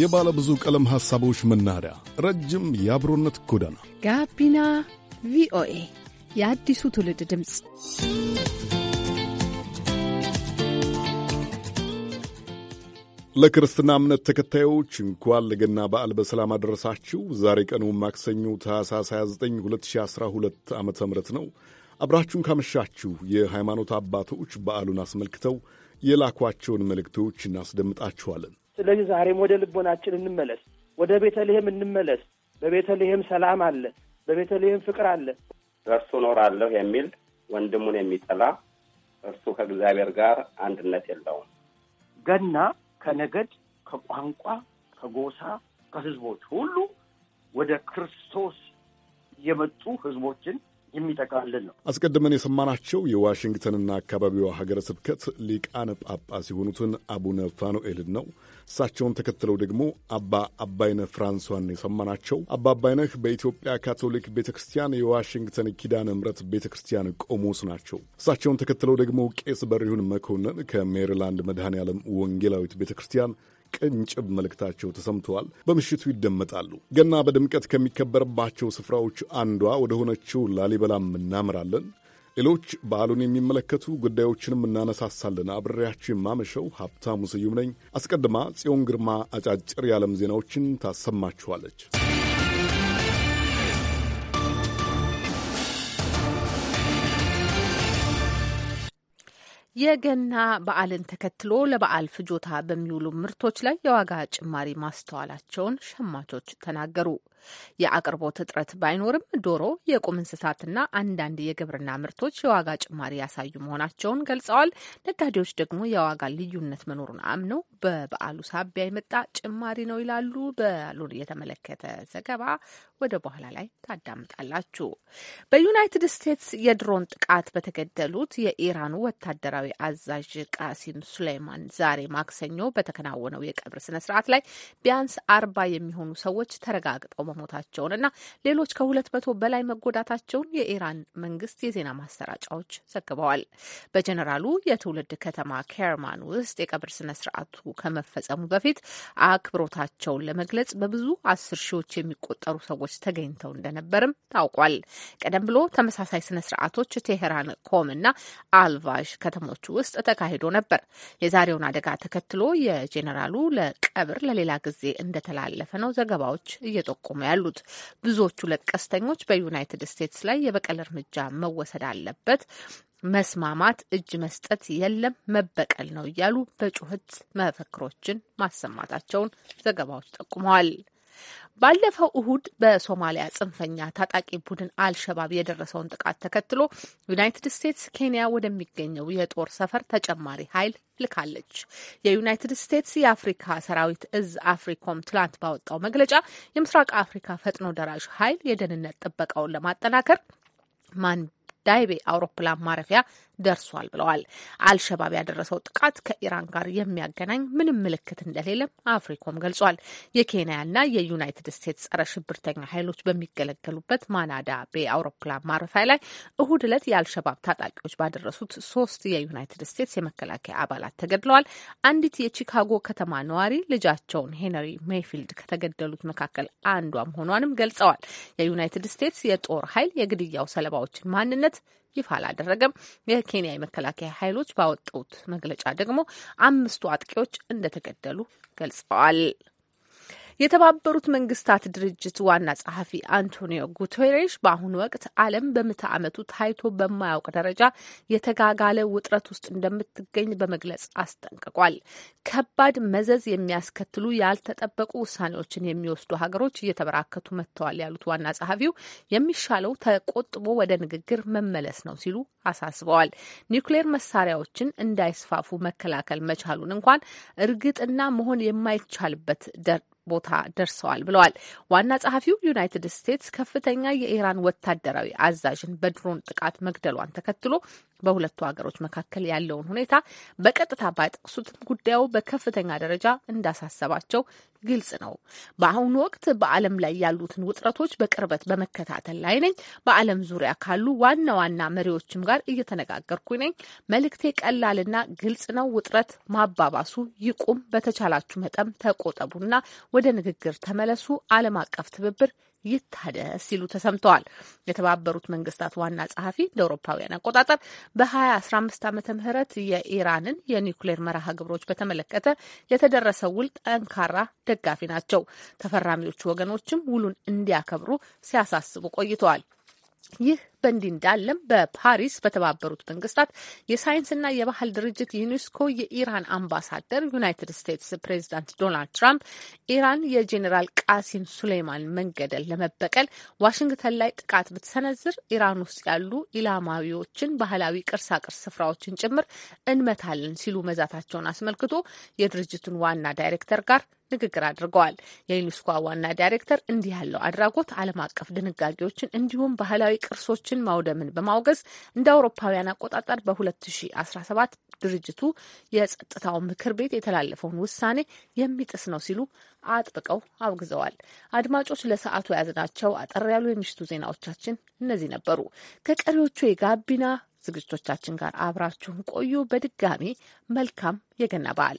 የባለ ብዙ ቀለም ሐሳቦች መናኸሪያ፣ ረጅም የአብሮነት ጎዳና ጋቢና ቪኦኤ የአዲሱ ትውልድ ድምፅ። ለክርስትና እምነት ተከታዮች እንኳን ለገና በዓል በሰላም አደረሳችሁ። ዛሬ ቀኑ ማክሰኞ ታህሳስ 29 2012 ዓ ም ነው። አብራችሁን ካመሻችሁ የሃይማኖት አባቶች በዓሉን አስመልክተው የላኳቸውን መልእክቶች እናስደምጣችኋለን። ስለዚህ ዛሬም ወደ ልቦናችን እንመለስ፣ ወደ ቤተልሔም እንመለስ። በቤተልሔም ሰላም አለ፣ በቤተልሔም ፍቅር አለ። በእርሱ እኖራለሁ የሚል ወንድሙን የሚጠላ እርሱ ከእግዚአብሔር ጋር አንድነት የለውም። ገና ከነገድ፣ ከቋንቋ፣ ከጎሳ፣ ከህዝቦች ሁሉ ወደ ክርስቶስ የመጡ ህዝቦችን የሚጠቃልል ነው። አስቀድመን የሰማናቸው የዋሽንግተንና አካባቢዋ ሀገረ ስብከት ሊቃነ ጳጳስ የሆኑትን አቡነ ፋኑኤልን ነው። እሳቸውን ተከትለው ደግሞ አባ አባይነህ ፍራንሷን የሰማናቸው። አባ አባይነህ በኢትዮጵያ ካቶሊክ ቤተ ክርስቲያን የዋሽንግተን ኪዳነ ምሕረት ቤተ ክርስቲያን ቆሞስ ናቸው። እሳቸውን ተከትለው ደግሞ ቄስ በሪሁን መኮንን ከሜሪላንድ መድኃኔ ዓለም ወንጌላዊት ቤተ ክርስቲያን ቅንጭብ መልእክታቸው ተሰምተዋል፣ በምሽቱ ይደመጣሉ። ገና በድምቀት ከሚከበርባቸው ስፍራዎች አንዷ ወደ ሆነችው ላሊበላም እናምራለን። ሌሎች በዓሉን የሚመለከቱ ጉዳዮችንም እናነሳሳለን። አብሬያችሁ የማመሸው ሀብታሙ ስዩም ነኝ። አስቀድማ ጽዮን ግርማ አጫጭር የዓለም ዜናዎችን ታሰማችኋለች። የገና በዓልን ተከትሎ ለበዓል ፍጆታ በሚውሉ ምርቶች ላይ የዋጋ ጭማሪ ማስተዋላቸውን ሸማቾች ተናገሩ። የአቅርቦት እጥረት ባይኖርም ዶሮ፣ የቁም እንስሳትና አንዳንድ የግብርና ምርቶች የዋጋ ጭማሪ ያሳዩ መሆናቸውን ገልጸዋል። ነጋዴዎች ደግሞ የዋጋ ልዩነት መኖሩን አምነው በበዓሉ ሳቢያ የመጣ ጭማሪ ነው ይላሉ። በዓሉን የተመለከተ ዘገባ ወደ በኋላ ላይ ታዳምጣላችሁ። በዩናይትድ ስቴትስ የድሮን ጥቃት በተገደሉት የኢራኑ ወታደራዊ አዛዥ ቃሲም ሱሌይማን ዛሬ ማክሰኞ በተከናወነው የቀብር ስነ ስርዓት ላይ ቢያንስ አርባ የሚሆኑ ሰዎች ተረጋግጠው መሞታቸውንና ሌሎች ከሁለት መቶ በላይ መጎዳታቸውን የኢራን መንግስት የዜና ማሰራጫዎች ዘግበዋል። በጀኔራሉ የትውልድ ከተማ ኬርማን ውስጥ የቀብር ስነ ስርዓቱ ከመፈጸሙ በፊት አክብሮታቸውን ለመግለጽ በብዙ አስር ሺዎች የሚቆጠሩ ሰዎች ተገኝተው እንደነበርም ታውቋል። ቀደም ብሎ ተመሳሳይ ስነ ስርዓቶች ቴሄራን፣ ኮም እና አልቫዥ ከተሞች ውስጥ ተካሂዶ ነበር። የዛሬውን አደጋ ተከትሎ የጄኔራሉ ለቀብር ለሌላ ጊዜ እንደተላለፈ ነው ዘገባዎች እየጠቆመ ነው ያሉት። ብዙዎቹ ለቀስተኞች በዩናይትድ ስቴትስ ላይ የበቀል እርምጃ መወሰድ አለበት፣ መስማማት፣ እጅ መስጠት የለም መበቀል ነው እያሉ በጩኸት መፈክሮችን ማሰማታቸውን ዘገባዎች ጠቁመዋል። ባለፈው እሁድ በሶማሊያ ጽንፈኛ ታጣቂ ቡድን አልሸባብ የደረሰውን ጥቃት ተከትሎ ዩናይትድ ስቴትስ ኬንያ ወደሚገኘው የጦር ሰፈር ተጨማሪ ኃይል ልካለች። የዩናይትድ ስቴትስ የአፍሪካ ሰራዊት እዝ አፍሪኮም ትላንት ባወጣው መግለጫ የምስራቅ አፍሪካ ፈጥኖ ደራሽ ኃይል የደህንነት ጥበቃውን ለማጠናከር ማን ዳይቤ አውሮፕላን ማረፊያ ደርሷል ብለዋል። አልሸባብ ያደረሰው ጥቃት ከኢራን ጋር የሚያገናኝ ምንም ምልክት እንደሌለም አፍሪኮም ገልጿል። የኬንያና የዩናይትድ ስቴትስ ጸረ ሽብርተኛ ኃይሎች በሚገለገሉበት ማናዳ ቤ አውሮፕላን ማረፊያ ላይ እሁድ ዕለት የአልሸባብ ታጣቂዎች ባደረሱት ሶስት የዩናይትድ ስቴትስ የመከላከያ አባላት ተገድለዋል። አንዲት የቺካጎ ከተማ ነዋሪ ልጃቸውን ሄነሪ ሜይፊልድ ከተገደሉት መካከል አንዷ መሆኗንም ገልጸዋል። የዩናይትድ ስቴትስ የጦር ኃይል የግድያው ሰለባዎችን ማንነት ይፋ አላደረገም። የኬንያ የመከላከያ ኃይሎች ባወጡት መግለጫ ደግሞ አምስቱ አጥቂዎች እንደተገደሉ ገልጸዋል። የተባበሩት መንግስታት ድርጅት ዋና ጸሐፊ አንቶኒዮ ጉቴሬሽ በአሁኑ ወቅት ዓለም በምዕተ ዓመቱ ታይቶ በማያውቅ ደረጃ የተጋጋለ ውጥረት ውስጥ እንደምትገኝ በመግለጽ አስጠንቅቋል። ከባድ መዘዝ የሚያስከትሉ ያልተጠበቁ ውሳኔዎችን የሚወስዱ ሀገሮች እየተበራከቱ መጥተዋል ያሉት ዋና ጸሐፊው የሚሻለው ተቆጥቦ ወደ ንግግር መመለስ ነው ሲሉ አሳስበዋል። ኒውክሌር መሳሪያዎችን እንዳይስፋፉ መከላከል መቻሉን እንኳን እርግጥና መሆን የማይቻልበት ቦታ ደርሰዋል ብለዋል። ዋና ጸሐፊው ዩናይትድ ስቴትስ ከፍተኛ የኢራን ወታደራዊ አዛዥን በድሮን ጥቃት መግደሏን ተከትሎ በሁለቱ ሀገሮች መካከል ያለውን ሁኔታ በቀጥታ ባይጠቅሱትም ጉዳዩ በከፍተኛ ደረጃ እንዳሳሰባቸው ግልጽ ነው። በአሁኑ ወቅት በዓለም ላይ ያሉትን ውጥረቶች በቅርበት በመከታተል ላይ ነኝ። በዓለም ዙሪያ ካሉ ዋና ዋና መሪዎችም ጋር እየተነጋገርኩ ነኝ። መልእክቴ ቀላልና ግልጽ ነው። ውጥረት ማባባሱ ይቁም። በተቻላችሁ መጠን ተቆጠቡና ወደ ንግግር ተመለሱ። ዓለም አቀፍ ትብብር ይታደስ ሲሉ ተሰምተዋል። የተባበሩት መንግስታት ዋና ጸሐፊ እንደ አውሮፓውያን አቆጣጠር በ2015 ዓመተ ምህረት የኢራንን የኒውክሌር መርሃ ግብሮች በተመለከተ የተደረሰ ውል ጠንካራ ደጋፊ ናቸው። ተፈራሚዎቹ ወገኖችም ውሉን እንዲያከብሩ ሲያሳስቡ ቆይተዋል። ይህ በእንዲህ እንዳለም በፓሪስ በተባበሩት መንግስታት የሳይንስና የባህል ድርጅት ዩኔስኮ የኢራን አምባሳደር ዩናይትድ ስቴትስ ፕሬዚዳንት ዶናልድ ትራምፕ ኢራን የጄኔራል ቃሲም ሱሌይማን መንገደል ለመበቀል ዋሽንግተን ላይ ጥቃት ብትሰነዝር ኢራን ውስጥ ያሉ ኢላማዊዎችን ባህላዊ ቅርሳቅርስ ስፍራዎችን ጭምር እንመታለን ሲሉ መዛታቸውን አስመልክቶ የድርጅቱን ዋና ዳይሬክተር ጋር ንግግር አድርገዋል። የዩኔስኮ ዋና ዳይሬክተር እንዲህ ያለው አድራጎት ዓለም አቀፍ ድንጋጌዎችን እንዲሁም ባህላዊ ቅርሶችን ድርጅቶችን ማውደምን በማውገዝ እንደ አውሮፓውያን አቆጣጠር በ2017 ድርጅቱ የጸጥታው ምክር ቤት የተላለፈውን ውሳኔ የሚጥስ ነው ሲሉ አጥብቀው አውግዘዋል። አድማጮች ለሰዓቱ የያዝናቸው አጠር ያሉ የምሽቱ ዜናዎቻችን እነዚህ ነበሩ። ከቀሪዎቹ የጋቢና ዝግጅቶቻችን ጋር አብራችሁን ቆዩ። በድጋሚ መልካም የገና በዓል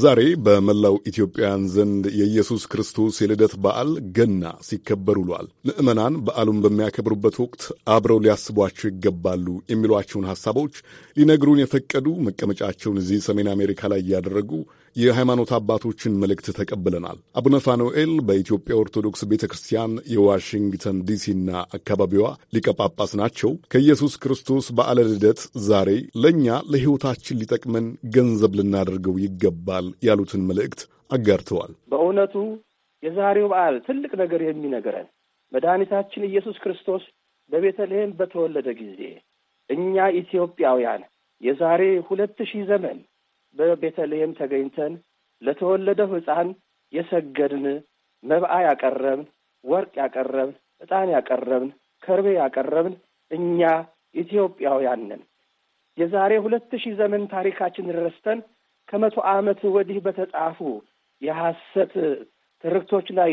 ዛሬ በመላው ኢትዮጵያውያን ዘንድ የኢየሱስ ክርስቶስ የልደት በዓል ገና ሲከበር ውሏል። ምዕመናን በዓሉን በሚያከብሩበት ወቅት አብረው ሊያስቧቸው ይገባሉ የሚሏቸውን ሐሳቦች ሊነግሩን የፈቀዱ መቀመጫቸውን እዚህ ሰሜን አሜሪካ ላይ እያደረጉ የሃይማኖት አባቶችን መልእክት ተቀብለናል። አቡነ ፋኑኤል በኢትዮጵያ ኦርቶዶክስ ቤተ ክርስቲያን የዋሽንግተን ዲሲና አካባቢዋ ሊቀጳጳስ ጳጳስ ናቸው። ከኢየሱስ ክርስቶስ በዓለ ልደት ዛሬ ለእኛ ለሕይወታችን ሊጠቅመን ገንዘብ ልናደርገው ይገባል ያሉትን መልእክት አጋርተዋል። በእውነቱ የዛሬው በዓል ትልቅ ነገር የሚነገረን መድኃኒታችን ኢየሱስ ክርስቶስ በቤተልሔም በተወለደ ጊዜ እኛ ኢትዮጵያውያን የዛሬ ሁለት ሺህ ዘመን በቤተልሔም ተገኝተን ለተወለደው ሕፃን የሰገድን፣ መብአ ያቀረብን፣ ወርቅ ያቀረብን፣ ዕጣን ያቀረብን፣ ከርቤ ያቀረብን እኛ ኢትዮጵያውያን ነን። የዛሬ ሁለት ሺህ ዘመን ታሪካችን ረስተን ከመቶ ዓመት ወዲህ በተጻፉ የሐሰት ትርክቶች ላይ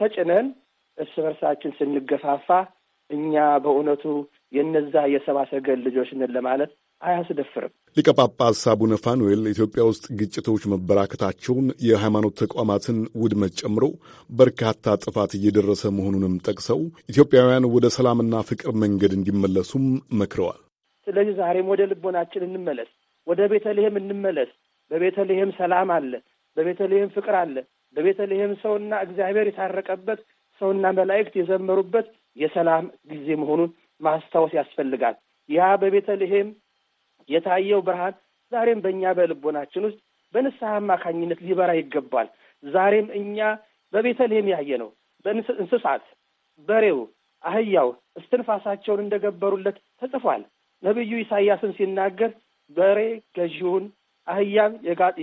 ተጭነን እርስ በርሳችን ስንገፋፋ እኛ በእውነቱ የነዛ የሰባሰገል ልጆች ነን ለማለት አያስደፍርም። ሊቀ ጳጳስ አቡነ ፋኑኤል ኢትዮጵያ ውስጥ ግጭቶች መበራከታቸውን የሃይማኖት ተቋማትን ውድመት ጨምሮ በርካታ ጥፋት እየደረሰ መሆኑንም ጠቅሰው ኢትዮጵያውያን ወደ ሰላምና ፍቅር መንገድ እንዲመለሱም መክረዋል። ስለዚህ ዛሬም ወደ ልቦናችን እንመለስ፣ ወደ ቤተልሔም እንመለስ። በቤተልሔም ሰላም አለ፣ በቤተልሔም ፍቅር አለ። በቤተልሔም ሰውና እግዚአብሔር የታረቀበት ሰውና መላእክት የዘመሩበት የሰላም ጊዜ መሆኑን ማስታወስ ያስፈልጋል። ያ በቤተልሔም የታየው ብርሃን ዛሬም በእኛ በልቦናችን ውስጥ በንስሐ አማካኝነት ሊበራ ይገባል። ዛሬም እኛ በቤተልሔም ያየ ነው። በእንስሳት በሬው፣ አህያው እስትንፋሳቸውን እንደገበሩለት ተጽፏል። ነቢዩ ኢሳይያስን ሲናገር በሬ ገዢውን አህያም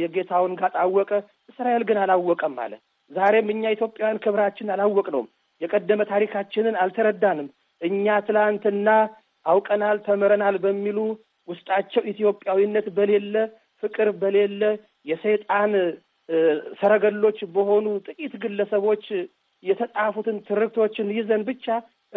የጌታውን ጋጥ አወቀ፣ እስራኤል ግን አላወቀም አለ። ዛሬም እኛ ኢትዮጵያውያን ክብራችን አላወቅነውም። የቀደመ ታሪካችንን አልተረዳንም። እኛ ትላንትና አውቀናል ተምረናል በሚሉ ውስጣቸው ኢትዮጵያዊነት በሌለ ፍቅር በሌለ የሰይጣን ሰረገሎች በሆኑ ጥቂት ግለሰቦች የተጻፉትን ትርክቶችን ይዘን ብቻ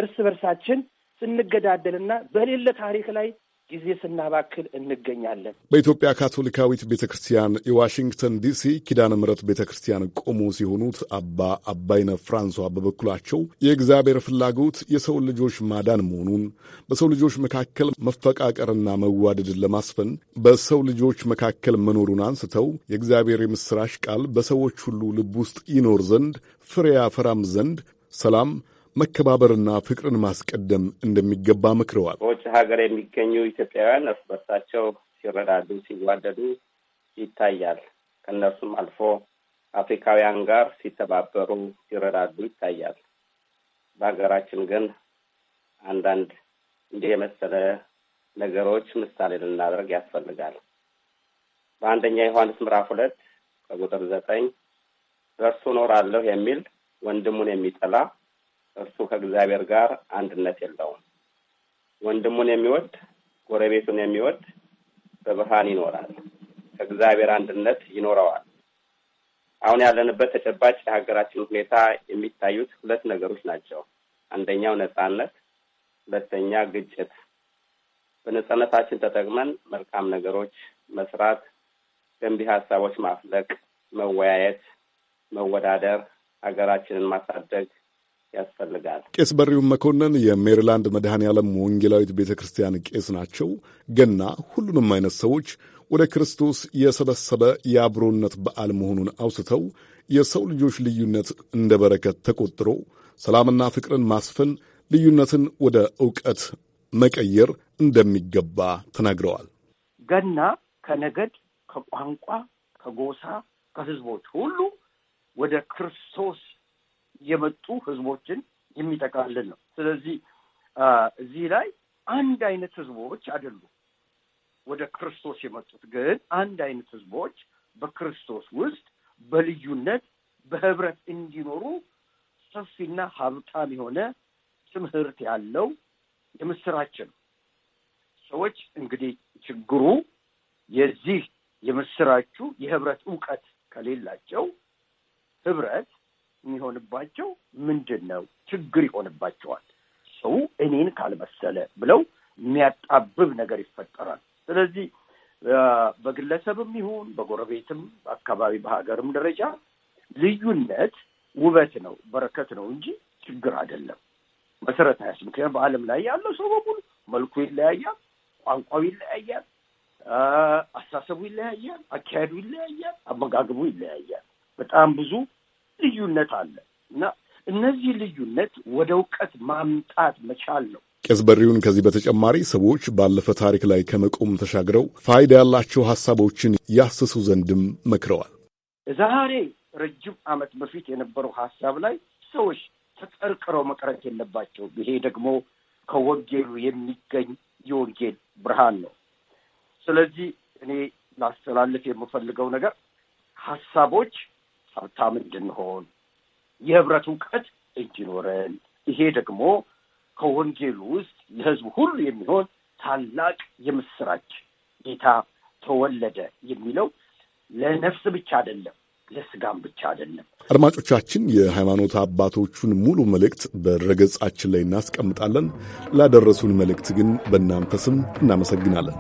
እርስ በርሳችን ስንገዳደልና በሌለ ታሪክ ላይ ጊዜ ስናባክል እንገኛለን። በኢትዮጵያ ካቶሊካዊት ቤተ ክርስቲያን የዋሽንግተን ዲሲ ኪዳነ ምሕረት ቤተ ክርስቲያን ቆሞስ የሆኑት አባ አባይነ ፍራንሷ በበኩላቸው የእግዚአብሔር ፍላጎት የሰው ልጆች ማዳን መሆኑን በሰው ልጆች መካከል መፈቃቀርና መዋደድን ለማስፈን በሰው ልጆች መካከል መኖሩን አንስተው የእግዚአብሔር የምሥራች ቃል በሰዎች ሁሉ ልብ ውስጥ ይኖር ዘንድ ፍሬ ያፈራም ዘንድ ሰላም መከባበርና ፍቅርን ማስቀደም እንደሚገባ መክረዋል። በውጭ ሀገር የሚገኙ ኢትዮጵያውያን እርስ በርሳቸው ሲረዳዱ፣ ሲዋደዱ ይታያል። ከእነርሱም አልፎ አፍሪካውያን ጋር ሲተባበሩ፣ ሲረዳዱ ይታያል። በሀገራችን ግን አንዳንድ እንዲህ የመሰለ ነገሮች ምሳሌ ልናደርግ ያስፈልጋል። በአንደኛ ዮሐንስ ምዕራፍ ሁለት ከቁጥር ዘጠኝ በእርሱ እኖራለሁ የሚል ወንድሙን የሚጠላ እርሱ ከእግዚአብሔር ጋር አንድነት የለውም። ወንድሙን የሚወድ ጎረቤቱን የሚወድ በብርሃን ይኖራል፣ ከእግዚአብሔር አንድነት ይኖረዋል። አሁን ያለንበት ተጨባጭ የሀገራችን ሁኔታ የሚታዩት ሁለት ነገሮች ናቸው። አንደኛው ነጻነት፣ ሁለተኛ ግጭት። በነጻነታችን ተጠቅመን መልካም ነገሮች መስራት፣ ገንቢ ሀሳቦች ማፍለቅ፣ መወያየት፣ መወዳደር፣ ሀገራችንን ማሳደግ ያስፈልጋል። ቄስ በሪውን መኮንን የሜሪላንድ መድኃኔ ዓለም ወንጌላዊት ቤተ ክርስቲያን ቄስ ናቸው። ገና ሁሉንም አይነት ሰዎች ወደ ክርስቶስ የሰበሰበ የአብሮነት በዓል መሆኑን አውስተው የሰው ልጆች ልዩነት እንደ በረከት ተቆጥሮ ሰላምና ፍቅርን ማስፈን፣ ልዩነትን ወደ እውቀት መቀየር እንደሚገባ ተናግረዋል። ገና ከነገድ፣ ከቋንቋ፣ ከጎሳ፣ ከህዝቦች ሁሉ ወደ ክርስቶስ የመጡ ህዝቦችን የሚጠቃልል ነው። ስለዚህ እዚህ ላይ አንድ አይነት ህዝቦች አይደሉም ወደ ክርስቶስ የመጡት ግን አንድ አይነት ህዝቦች በክርስቶስ ውስጥ በልዩነት በህብረት እንዲኖሩ ሰፊና ሀብታም የሆነ ትምህርት ያለው የምስራች ነው። ሰዎች እንግዲህ ችግሩ የዚህ የምስራቹ የህብረት እውቀት ከሌላቸው ህብረት የሚሆንባቸው ምንድን ነው? ችግር ይሆንባቸዋል። ሰው እኔን ካልመሰለ ብለው የሚያጣብብ ነገር ይፈጠራል። ስለዚህ በግለሰብም ይሁን በጎረቤትም አካባቢ በሀገርም ደረጃ ልዩነት ውበት ነው፣ በረከት ነው እንጂ ችግር አይደለም። መሰረታዊ ያስ ምክንያት በዓለም ላይ ያለው ሰው በሙሉ መልኩ ይለያያል፣ ቋንቋው ይለያያል፣ አስተሳሰቡ ይለያያል፣ አካሄዱ ይለያያል፣ አመጋገቡ ይለያያል። በጣም ብዙ ልዩነት አለ እና እነዚህ ልዩነት ወደ እውቀት ማምጣት መቻል ነው። ቄስ በሪውን ከዚህ በተጨማሪ ሰዎች ባለፈ ታሪክ ላይ ከመቆም ተሻግረው ፋይዳ ያላቸው ሀሳቦችን ያስሱ ዘንድም መክረዋል። ዛሬ ረጅም ዓመት በፊት የነበረው ሀሳብ ላይ ሰዎች ተጠርቅረው መቅረት የለባቸው ይሄ ደግሞ ከወንጌሉ የሚገኝ የወንጌል ብርሃን ነው። ስለዚህ እኔ ላስተላልፍ የምፈልገው ነገር ሀሳቦች ሀብታም እንድንሆን የህብረት እውቀት እንዲኖረን ይሄ ደግሞ ከወንጌሉ ውስጥ ለህዝቡ ሁሉ የሚሆን ታላቅ የምስራች ጌታ ተወለደ የሚለው ለነፍስ ብቻ አይደለም ለስጋም ብቻ አይደለም። አድማጮቻችን፣ የሃይማኖት አባቶቹን ሙሉ መልእክት በድረገጻችን ላይ እናስቀምጣለን። ላደረሱን መልእክት ግን በእናንተ ስም እናመሰግናለን።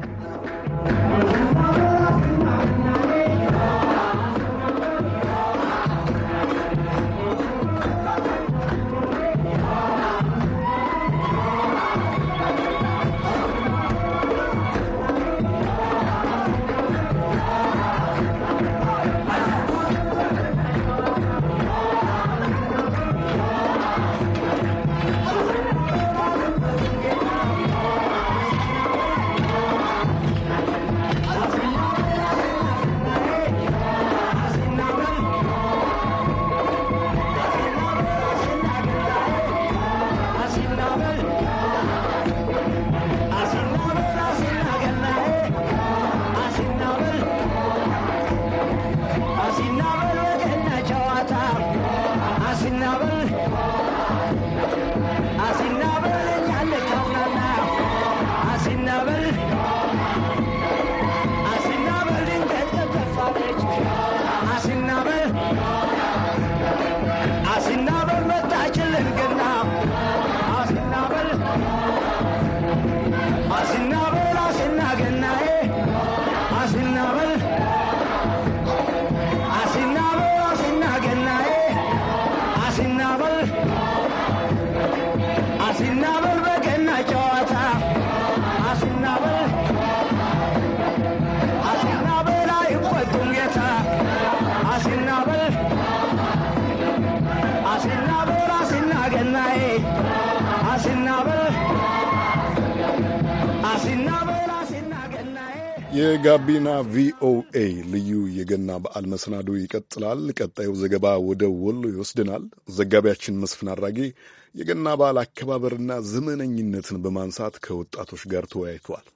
የጋቢና ቪኦኤ ልዩ የገና በዓል መሰናዶ ይቀጥላል። ቀጣዩ ዘገባ ወደ ወሎ ይወስደናል። ዘጋቢያችን መስፍን አድራጌ የገና በዓል አከባበርና ዘመነኝነትን በማንሳት ከወጣቶች ጋር ተወያይተዋል።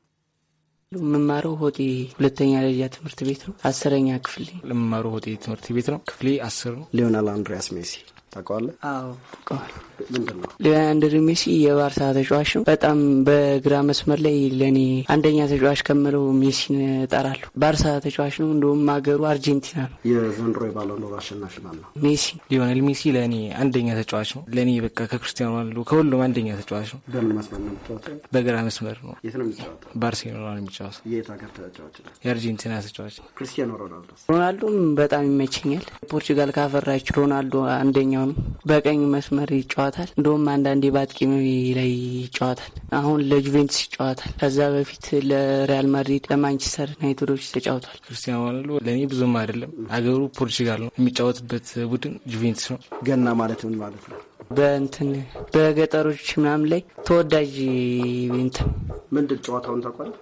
የምማረው ሆጤ ሁለተኛ ደረጃ ትምህርት ቤት ነው። አስረኛ ክፍል የምማረው ሆጤ ትምህርት ቤት ነው። ክፍሌ አስር ነው። ሊዮናል አንድሪያስ ሜሲ ታውቀዋለህ? አዎ ታውቀዋለሁ። ምንድን ነው? ሊያንድር ሜሲ የባርሳ ተጫዋች ነው። በጣም በግራ መስመር ላይ ለእኔ አንደኛ ተጫዋች ከምለው ሜሲን እጠራለሁ። ባርሳ ተጫዋች ነው። እንደውም ሀገሩ አርጀንቲና ነው። የዘንድሮ የባሎንዶር አሸናፊ ማን ነው? ሜሲ። ሊዮኔል ሜሲ ለእኔ አንደኛ ተጫዋች ነው። ለእኔ በቃ ከክርስቲያኖ ሮናልዶ ከሁሉም አንደኛ ተጫዋች ነው። በምን መስመር ነው የሚጫወተው? በግራ መስመር ነው። የት ነው የሚጫወተው? ባርሴሎና ነው የሚጫወተው። የት ሀገር ተጫዋች ነው? የአርጀንቲና ተጫዋች ነው። ክርስቲያኖ ሮናልዶ ሮናልዶም በጣም ይመቸኛል። ፖርቹጋል ካፈራች ሮናልዶ አንደኛው ነው። በቀኝ መስመር ይጫወታል። ይጫወታል። እንደውም አንዳንዴ በአጥቂም ላይ ይጫወታል። አሁን ለጁቬንቱስ ይጫወታል። ከዛ በፊት ለሪያል ማድሪድ፣ ለማንቸስተር ዩናይትዶች ተጫውቷል። ክርስቲያኖ ሮናልዶ ለእኔ ብዙም አይደለም። አገሩ ፖርቹጋል ነው። የሚጫወትበት ቡድን ጁቬንትስ ነው። ገና ማለት ምን ማለት ነው? በእንትን በገጠሮች ምናምን ላይ ተወዳጅ እንትን ምንድን ጨዋታውን ታውቋል?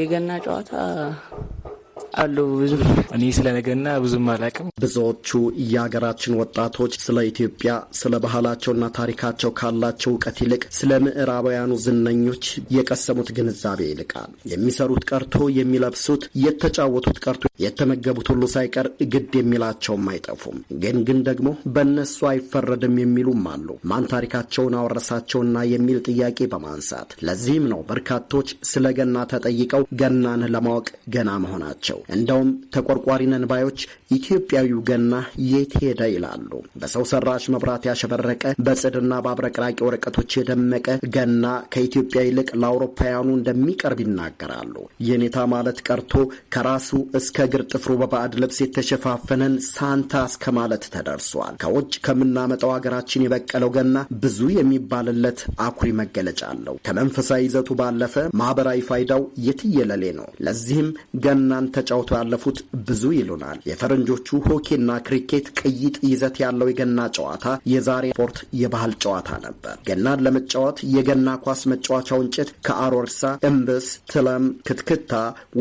የገና ጨዋታ አለው ብዙ እኔ ስለ ነገና ብዙም አላቅም። ብዙዎቹ የሀገራችን ወጣቶች ስለ ኢትዮጵያ ስለ ባህላቸውና ታሪካቸው ካላቸው እውቀት ይልቅ ስለ ምዕራባውያኑ ዝነኞች የቀሰሙት ግንዛቤ ይልቃል። የሚሰሩት ቀርቶ የሚለብሱት፣ የተጫወቱት ቀርቶ የተመገቡት ሁሉ ሳይቀር ግድ የሚላቸውም አይጠፉም። ግን ግን ደግሞ በእነሱ አይፈረድም የሚሉም አሉ። ማን ታሪካቸውን አወረሳቸውና የሚል ጥያቄ በማንሳት ለዚህም ነው በርካቶች ስለ ገና ተጠይቀው ገናን ለማወቅ ገና መሆናቸው ናቸው። እንደውም ተቆርቋሪ ነንባዮች ኢትዮጵያዊው ገና የት ሄደ ይላሉ። በሰው ሰራሽ መብራት ያሸበረቀ በጽድና በአብረቅራቂ ወረቀቶች የደመቀ ገና ከኢትዮጵያ ይልቅ ለአውሮፓውያኑ እንደሚቀርብ ይናገራሉ። የኔታ ማለት ቀርቶ ከራሱ እስከ እግር ጥፍሩ በባዕድ ልብስ የተሸፋፈነን ሳንታ እስከ ማለት ተደርሷል። ከውጭ ከምናመጣው አገራችን የበቀለው ገና ብዙ የሚባልለት አኩሪ መገለጫ አለው። ከመንፈሳዊ ይዘቱ ባለፈ ማህበራዊ ፋይዳው የትየለሌ ነው። ለዚህም ገናን ተጫውተው ያለፉት ብዙ ይሉናል። የፈረንጆቹ ሆኪና ክሪኬት ቅይጥ ይዘት ያለው የገና ጨዋታ የዛሬ ስፖርት የባህል ጨዋታ ነበር። ገናን ለመጫወት የገና ኳስ መጫወቻው እንጨት ከአሮርሳ፣ እምብስ፣ ትለም፣ ክትክታ፣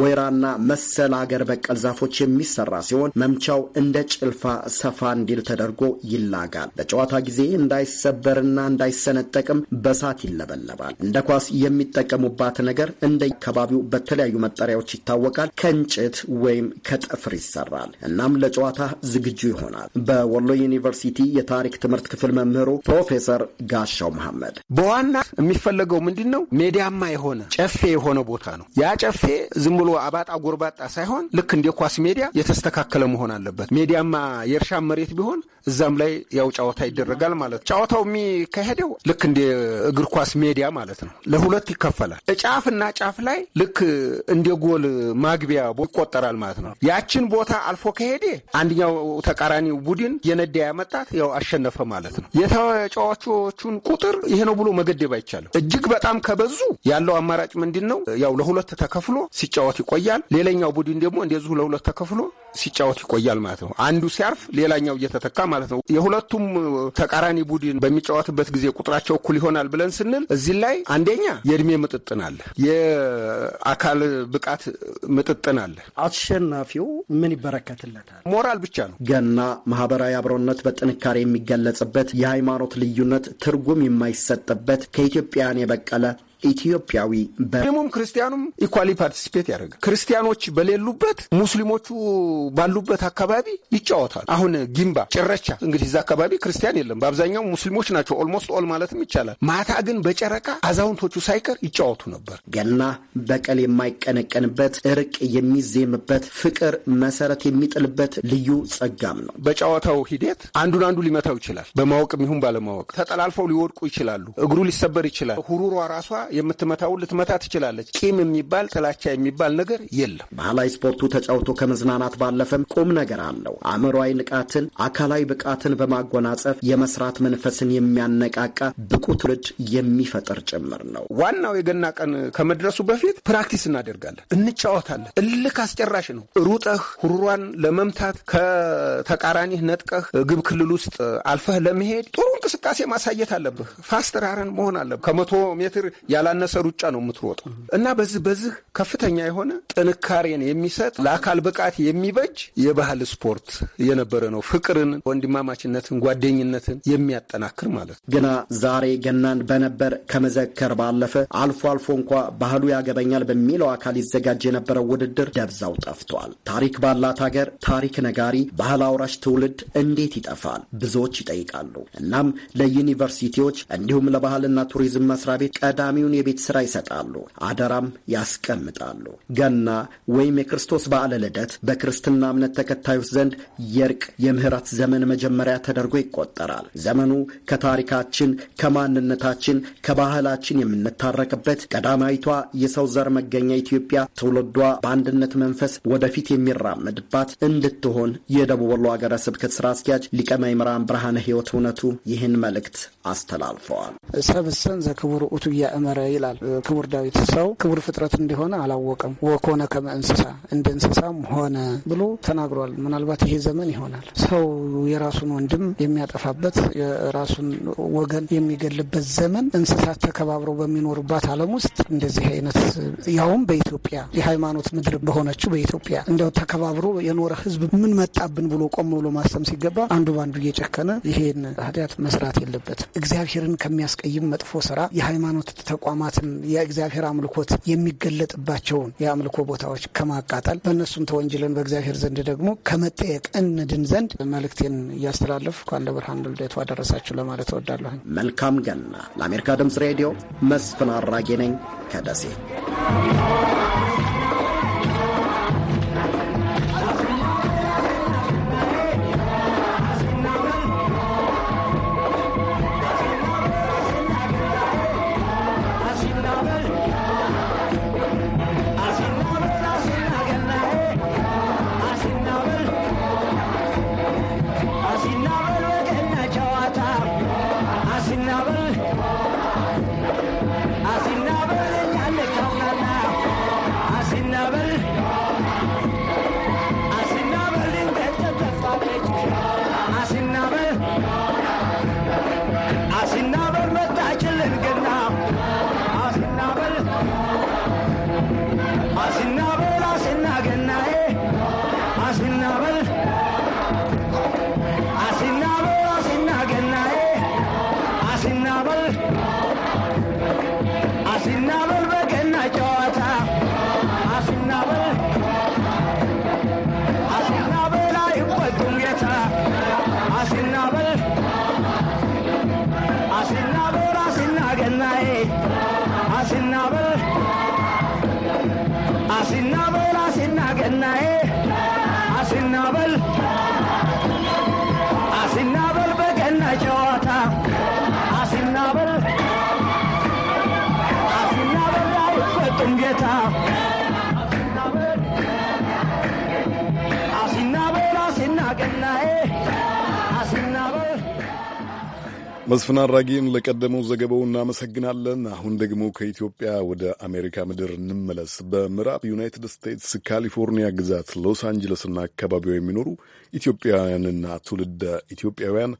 ወይራና መሰል አገር በቀል ዛፎች የሚሰራ ሲሆን መምቻው እንደ ጭልፋ ሰፋ እንዲል ተደርጎ ይላጋል። በጨዋታ ጊዜ እንዳይሰበርና እንዳይሰነጠቅም በሳት ይለበለባል። እንደ ኳስ የሚጠቀሙባት ነገር እንደ አካባቢው በተለያዩ መጠሪያዎች ይታወቃል። ከእንጨት ከእንጨት ወይም ከጠፍር ይሰራል። እናም ለጨዋታ ዝግጁ ይሆናል። በወሎ ዩኒቨርሲቲ የታሪክ ትምህርት ክፍል መምህሩ ፕሮፌሰር ጋሻው መሐመድ በዋና የሚፈለገው ምንድን ነው? ሜዳማ የሆነ ጨፌ የሆነ ቦታ ነው። ያ ጨፌ ዝም ብሎ አባጣ ጎርባጣ ሳይሆን ልክ እንደ ኳስ ሜዳ የተስተካከለ መሆን አለበት። ሜዳማ የእርሻ መሬት ቢሆን እዛም ላይ ያው ጨዋታ ይደረጋል ማለት ነው። ጨዋታው የሚካሄደው ልክ እንደ እግር ኳስ ሜዳ ማለት ነው። ለሁለት ይከፈላል። ጫፍና ጫፍ ላይ ልክ እንደ ጎል ማግቢያ ይቆጠራል ማለት ነው። ያችን ቦታ አልፎ ከሄደ አንደኛው ተቃራኒው ቡድን የነዳ ያመጣት ያው አሸነፈ ማለት ነው። የተጫዋቾቹን ቁጥር ይሄ ነው ብሎ መገደብ አይቻልም። እጅግ በጣም ከበዙ ያለው አማራጭ ምንድን ነው? ያው ለሁለት ተከፍሎ ሲጫወት ይቆያል። ሌላኛው ቡድን ደግሞ እንደዚሁ ለሁለት ተከፍሎ ሲጫወት ይቆያል ማለት ነው። አንዱ ሲያርፍ ሌላኛው እየተተካ ማለት ነው። የሁለቱም ተቃራኒ ቡድን በሚጫወትበት ጊዜ ቁጥራቸው እኩል ይሆናል ብለን ስንል እዚህ ላይ አንደኛ የእድሜ ምጥጥን አለ፣ የአካል ብቃት ምጥጥን አለ፣ አሸናፊው ምን ይበረከትለታል? ሞራል ብቻ ነው። ገና ማህበራዊ አብሮነት በጥንካሬ የሚገለጽበት የሃይማኖት ልዩነት ትርጉም የማይሰጥበት ከኢትዮጵያውያን የበቀለ ኢትዮጵያዊ ሙስሊሙም ክርስቲያኑም ኢኳሊ ፓርቲሲፔት ያደርጋል። ክርስቲያኖች በሌሉበት ሙስሊሞቹ ባሉበት አካባቢ ይጫወታል። አሁን ጊምባ ጭረቻ እንግዲህ እዛ አካባቢ ክርስቲያን የለም፣ በአብዛኛው ሙስሊሞች ናቸው። ኦልሞስት ኦል ማለትም ይቻላል። ማታ ግን በጨረቃ አዛውንቶቹ ሳይቀር ይጫወቱ ነበር። ገና በቀል የማይቀነቀንበት እርቅ የሚዜምበት ፍቅር መሰረት የሚጥልበት ልዩ ጸጋም ነው። በጨዋታው ሂደት አንዱን አንዱ ሊመታው ይችላል፣ በማወቅ ይሁን ባለማወቅ። ተጠላልፈው ሊወድቁ ይችላሉ። እግሩ ሊሰበር ይችላል። ሁሩሯ ራሷ የምትመታው ልትመታ ትችላለች። ቂም የሚባል ጥላቻ የሚባል ነገር የለም። ባህላዊ ስፖርቱ ተጫውቶ ከመዝናናት ባለፈም ቁም ነገር አለው። አእምሯዊ ንቃትን፣ አካላዊ ብቃትን በማጎናጸፍ የመስራት መንፈስን የሚያነቃቃ ብቁ ትውልድ የሚፈጥር ጭምር ነው። ዋናው የገና ቀን ከመድረሱ በፊት ፕራክቲስ እናደርጋለን፣ እንጫወታለን። እልክ አስጨራሽ ነው። ሩጠህ ሁሯን ለመምታት ከተቃራኒህ ነጥቀህ ግብ ክልል ውስጥ አልፈህ ለመሄድ ጥሩ እንቅስቃሴ ማሳየት አለብህ። ፋስት ራረን መሆን አለብህ። ከመቶ ሜትር ያላነሰ ሩጫ ነው የምትሮጠው እና በዚህ በዚህ ከፍተኛ የሆነ ጥንካሬን የሚሰጥ ለአካል ብቃት የሚበጅ የባህል ስፖርት የነበረ ነው። ፍቅርን፣ ወንድማማችነትን፣ ጓደኝነትን የሚያጠናክር ማለት ነው። ግና ዛሬ ገናን በነበር ከመዘከር ባለፈ አልፎ አልፎ እንኳ ባህሉ ያገበኛል በሚለው አካል ይዘጋጅ የነበረው ውድድር ደብዛው ጠፍቷል። ታሪክ ባላት ሀገር ታሪክ ነጋሪ ባህል አውራሽ ትውልድ እንዴት ይጠፋል? ብዙዎች ይጠይቃሉ። እናም ለዩኒቨርሲቲዎች እንዲሁም ለባህልና ቱሪዝም መስሪያ ቤት ቀዳሚውን የሚሆን የቤት ሥራ ይሰጣሉ፣ አደራም ያስቀምጣሉ። ገና ወይም የክርስቶስ በዓለ ልደት በክርስትና እምነት ተከታዮች ዘንድ የእርቅ የምህረት ዘመን መጀመሪያ ተደርጎ ይቆጠራል። ዘመኑ ከታሪካችን ከማንነታችን፣ ከባህላችን የምንታረቅበት ቀዳማዊቷ የሰው ዘር መገኛ ኢትዮጵያ ትውልዷ በአንድነት መንፈስ ወደፊት የሚራመድባት እንድትሆን የደቡብ ወሎ ሀገረ ስብከት ስራ አስኪያጅ ሊቀ መምህራን ብርሃነ ህይወት እውነቱ ይህን መልእክት አስተላልፈዋል። ሰብሰን ዘክቡር ኡቱያ እመረ ይላል ክቡር ዳዊት። ሰው ክቡር ፍጥረት እንደሆነ አላወቀም። ወኮነ ከመ እንስሳ እንደ እንስሳም ሆነ ብሎ ተናግሯል። ምናልባት ይሄ ዘመን ይሆናል ሰው የራሱን ወንድም የሚያጠፋበት የራሱን ወገን የሚገልበት ዘመን እንስሳት ተከባብረው በሚኖሩባት ዓለም ውስጥ እንደዚህ አይነት ያውም በኢትዮጵያ የሃይማኖት ምድር በሆነችው በኢትዮጵያ እንደው ተከባብሮ የኖረ ህዝብ ምን መጣብን ብሎ ቆም ብሎ ማሰብ ሲገባ አንዱ በአንዱ እየጨከነ ይሄን ኃጢአት መስራት የለበትም። እግዚአብሔርን ከሚያስቀይም መጥፎ ስራ የሃይማኖት ተቋማትን የእግዚአብሔር አምልኮት የሚገለጥባቸውን የአምልኮ ቦታዎች ከማቃጠል በእነሱም ተወንጅለን በእግዚአብሔር ዘንድ ደግሞ ከመጠየቅ እንድን ዘንድ መልእክቴን እያስተላለፍ ከአንደ ብርሃን ልደቱ አደረሳችሁ ለማለት እወዳለሁኝ። መልካም ገና። ለአሜሪካ ድምፅ ሬዲዮ መስፍን አራጌ ነኝ ከደሴ መስፍን አራጌን ለቀደመው ዘገባው እናመሰግናለን። አሁን ደግሞ ከኢትዮጵያ ወደ አሜሪካ ምድር እንመለስ። በምዕራብ ዩናይትድ ስቴትስ ካሊፎርኒያ ግዛት ሎስ አንጅለስና አካባቢዋ የሚኖሩ ኢትዮጵያውያንና ትውልደ ኢትዮጵያውያን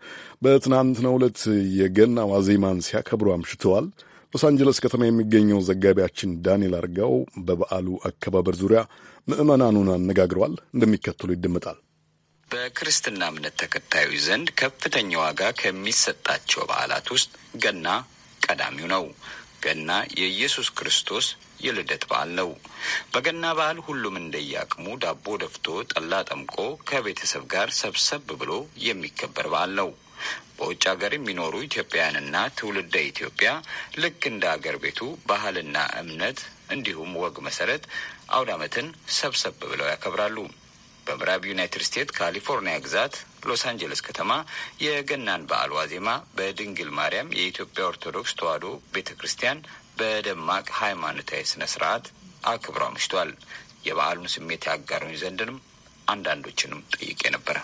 በትናንትናው ዕለት የገና ዋዜማን ሲያከብሩ አምሽተዋል። ሎስ አንጀለስ ከተማ የሚገኘው ዘጋቢያችን ዳንኤል አርጋው በበዓሉ አከባበር ዙሪያ ምዕመናኑን አነጋግረዋል። እንደሚከተሉ ይደመጣል። በክርስትና እምነት ተከታዮች ዘንድ ከፍተኛ ዋጋ ከሚሰጣቸው በዓላት ውስጥ ገና ቀዳሚው ነው። ገና የኢየሱስ ክርስቶስ የልደት በዓል ነው። በገና በዓል ሁሉም እንደየአቅሙ ዳቦ ደፍቶ፣ ጠላ ጠምቆ ከቤተሰብ ጋር ሰብሰብ ብሎ የሚከበር በዓል ነው። በውጭ ሀገር የሚኖሩ ኢትዮጵያውያንና ትውልደ ኢትዮጵያ ልክ እንደ አገር ቤቱ ባህልና እምነት እንዲሁም ወግ መሰረት አውድ ዓመትን ሰብሰብ ብለው ያከብራሉ። በምዕራብ ዩናይትድ ስቴትስ ካሊፎርኒያ ግዛት ሎስ አንጀለስ ከተማ የገናን በዓል ዋዜማ በድንግል ማርያም የኢትዮጵያ ኦርቶዶክስ ተዋሕዶ ቤተ ክርስቲያን በደማቅ ሃይማኖታዊ ስነ ስርዓት አክብሮ አምሽቷል። የበዓሉን ስሜት ያጋሩኝ ዘንድንም አንዳንዶችንም ጠይቄ ነበረ።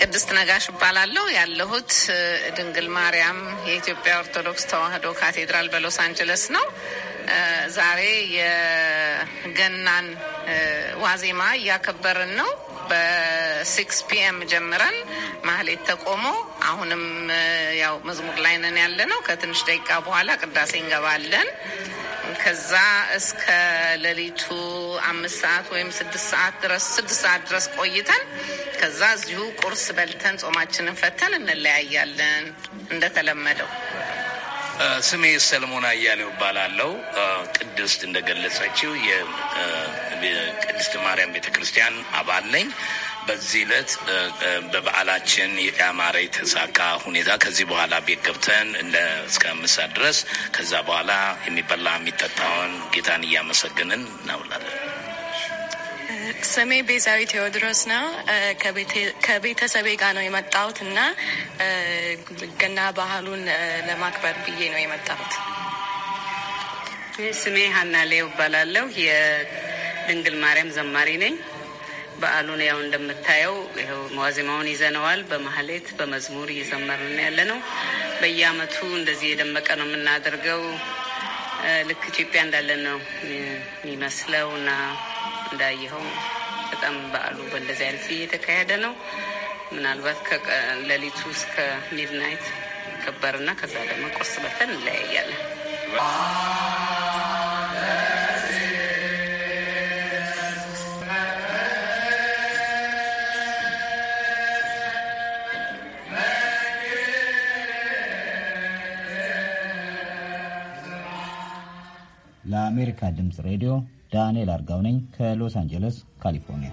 ቅድስት ነጋሽ እባላለሁ። ያለሁት ድንግል ማርያም የኢትዮጵያ ኦርቶዶክስ ተዋሕዶ ካቴድራል በሎስ አንጀለስ ነው። ዛሬ የገናን ዋዜማ እያከበርን ነው። በሲክስ ፒኤም ጀምረን ማህሌት ተቆሞ አሁንም ያው መዝሙር ላይ ነን ያለ ነው። ከትንሽ ደቂቃ በኋላ ቅዳሴ እንገባለን። ከዛ እስከ ሌሊቱ አምስት ሰዓት ወይም ስድስት ሰዓት ድረስ ስድስት ሰዓት ድረስ ቆይተን ከዛ እዚሁ ቁርስ በልተን ጾማችንን ፈተን እንለያያለን እንደተለመደው። ስሜ ሰለሞን አያሌው እባላለሁ። ቅድስት እንደገለጸችው ቅድስት ማርያም ቤተ ክርስቲያን አባል ነኝ። በዚህ ዕለት በበዓላችን ያማረ የተሳካ ሁኔታ ከዚህ በኋላ ቤት ገብተን እንደ እስከ ምሳ ድረስ ከዛ በኋላ የሚበላ የሚጠጣውን ጌታን እያመሰግንን እናውላለን። ስሜ ቤዛዊ ቴዎድሮስ ነው። ከቤተሰቤ ጋር ነው የመጣሁት እና ገና ባህሉን ለማክበር ብዬ ነው የመጣሁት። ስሜ ሀና ሌው እባላለሁ። ድንግል ማርያም ዘማሪ ነኝ። በዓሉን ያው እንደምታየው ይኸው መዋዜማውን ይዘነዋል። በማህሌት በመዝሙር እየዘመርን ያለ ነው። በየአመቱ እንደዚህ የደመቀ ነው የምናደርገው። ልክ ኢትዮጵያ እንዳለን ነው የሚመስለው እና እንዳየኸው በጣም በዓሉ በእንደዚህ አይነት እየተካሄደ ነው። ምናልባት ከሌሊቱ እስከ ሚድናይት ይከበርና ከዛ ደግሞ ቁርስ በልተን እንለያያለን። ለአሜሪካ ድምፅ ሬዲዮ ዳንኤል አርጋው ነኝ ከሎስ አንጀለስ ካሊፎርኒያ።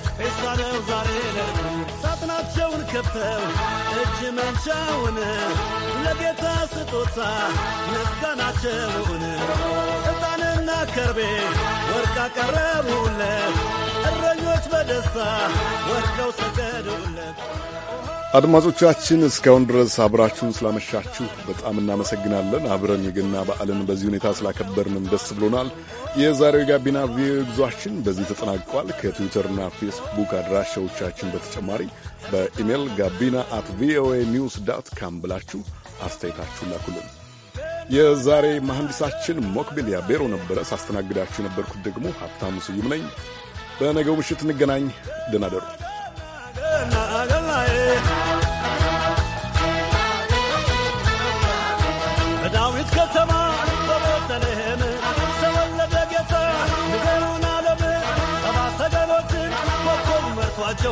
አስታረው ዛሬ ለቱ ሳጥናቸውን ከፍተው እጅ መንሻውን ለጌታ ስጦታ ምስጋናቸውን ዕጣንና ከርቤ ወርቅ አቀረቡለት። እረኞች በደስታ ወርቀው ሰገዱለት። አድማጮቻችን እስካሁን ድረስ አብራችሁን ስላመሻችሁ በጣም እናመሰግናለን። አብረን የገና በዓልን በዚህ ሁኔታ ስላከበርንም ደስ ብሎናል። የዛሬው የጋቢና ቪኦኤ ጉዟችን በዚህ ተጠናቅቋል። ከትዊተርና ፌስቡክ አድራሻዎቻችን በተጨማሪ በኢሜይል ጋቢና አት ቪኦኤ ኒውስ ዳት ካም ብላችሁ አስተያየታችሁን ላኩልን። የዛሬ መሐንዲሳችን ሞክቢል ያቤሮ ነበረ። ሳስተናግዳችሁ የነበርኩት ደግሞ ሀብታሙ ስዩም ነኝ። በነገው ምሽት እንገናኝ። ደናደሩ ደሩ። ராஜோ